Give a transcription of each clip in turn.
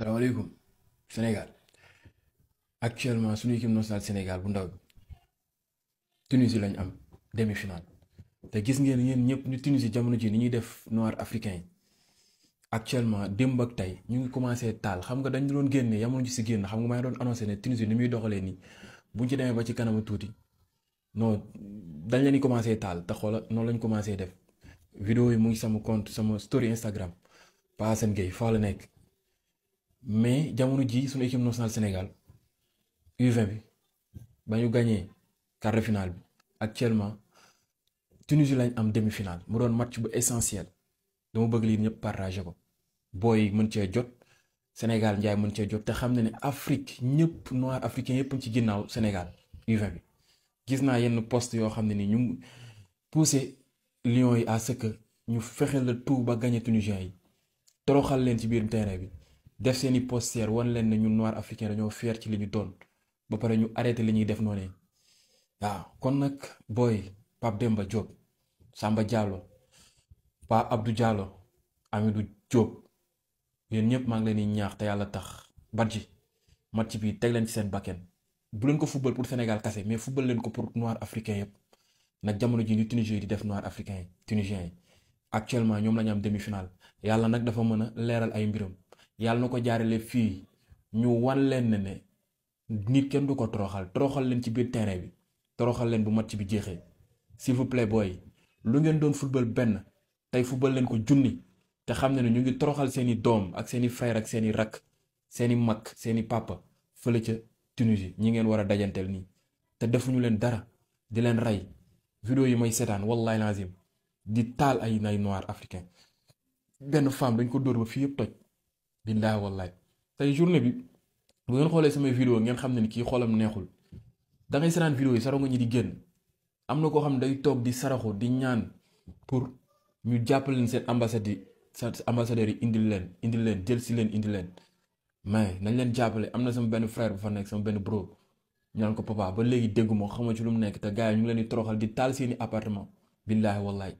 salaamaaleykum Sénégal actuellement suñu équipe nationale Sénégal bu ndaw bi Tunisie lañ am demi final te gis ngeen yéen ñëpp ni Tunisie jamono ji ni ñuy def noir africain yi actuellement démb ak tey ñu ngi commencé taal xam nga dañ doon génne yamoon ci si génn xam nga may doon annoncé ne Tunisie ni muy doxalee nii buñ ci demee ba ci kanama tuuti noo dañ leen di commencé taal te xoola noonu lañ commencé def video yi mu ngi sama compte sama story Instagram Pa Assane Gueye la nekk. mais jamono ji suñu équipe nationale Sénégal u bi ba ñu gagné quart de finale bi actuellement Tunisie lañ am demi finale mu doon match bu essentiel dama bëgg lii ñëpp partagé ko booy mën cee jot Sénégal njaay mën cee jot te xam na ne Afrique ñëpp noir africain yëpp ci ginnaaw Sénégal u bi gis naa yenn poste yoo xam ne ni ñu poussé Lions yi à ce que ñu fexe la tout ba gagné Tunisiens yi toroxal leen ci biir terrain bi. def seeni poster wan leen ne ñun noir africain dañoo fier ci li ñu doon ba pare ñu arrêté li ñuy def noonu waaw kon nag booy Pape Demba Diop Samba ab Pa jaalo Diallo du Diop yéen ñëpp maa ngi leen di ñaax te yàlla tax Badji ci bi teg leen ci seen bakken bu leen ko football pour senegal kase mais football leen ko pour noir africain yëpp nag jamono ji ñu Tunisie yi di def noir africain yi tunisien yi actuellement ñoom la ñu am demi-finale yàlla nag dafa mën a leeral ay mbiram. yàlla na ko jaarale fii ñu wan leen ne ne nit kenn du ko toroxal toroxal leen ci biir terrain bi toroxal leen bu match bi jeexee s'il vous plaît booy lu ngeen doon football benn tey football leen ko junni te xam ne ne ñu ngi toroxal seeni doom ak seeni frère ak seeni rakk seeni mag seeni papa fële ca Tunisie ñi ngeen war a dajanteel nii te defuñu leen dara di leen rey vidéo yi may seetaan wallahi lazim di taal ay nay noir africain benn femme dañ ko dóor fii yëpp toj billaay wallaay tey journée bi bu ngeen xoolee samay vidéo ngeen xam ne ni kii xoolam neexul da ngay saraan vidéo yi sarongo ñi di génn am na koo xam ne day toog di saraxu di ñaan pour ñu jàppale leen seen ambassade yi seen indil leen indil leen jël si leen indi leen mais nañ leen jàppale am na sama benn frère bu fa nekk sama benn bro ñu naan ko papa ba léegi déggu moo xama ci lu mu nekk te gars yi ñu leen di toroxal di taal seeni appartement billaahi wallaay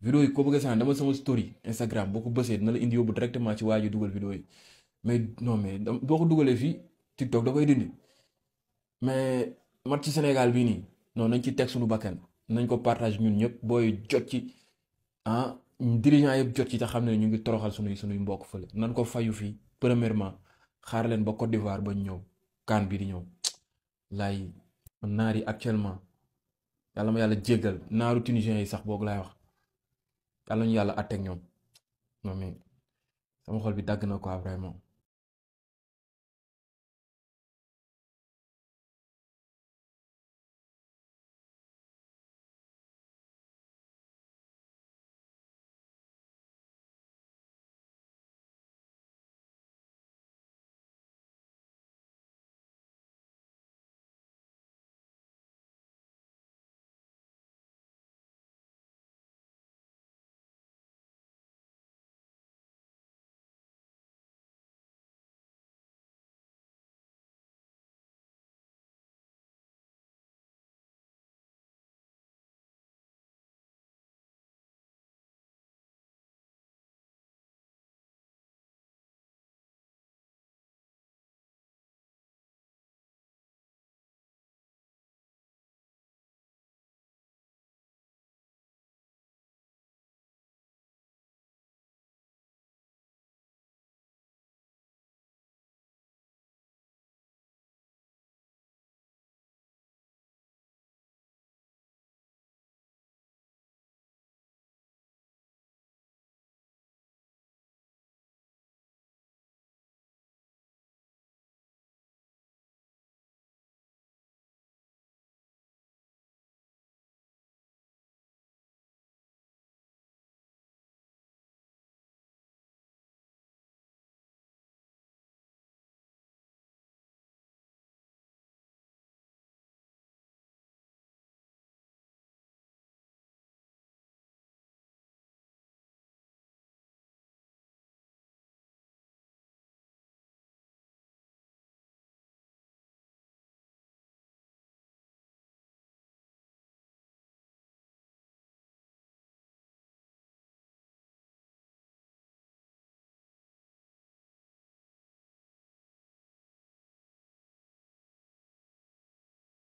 vidéo yi ko bëgg saan sànni dama sama story Instagram boo ko bësee dina la indi yóbbu directement ci waa ji dugal vidéo yi mais non mais boo ko dugalee fii TikTok da koy dindi mais mat ci Sénégal bii nii noonu nañ ci teg suñu bakkan nañ ko partage ñun ñëpp booy jot ci ah dirigeant yëpp jot ci te xam ne ñu ngi toroxal sunuy sunuy mbokk fële nañ ko fayu fii premièrement xaar leen ba Côte d'Ivoire ba ñëw kaan bi di ñëw laay naar yi actuellement yàlla ma yàlla jéggal naaru tunisien yi sax boog laay wax. yàlla ñu yàlla teg ñoom non sama xol bi dàgg na quoi vraiment.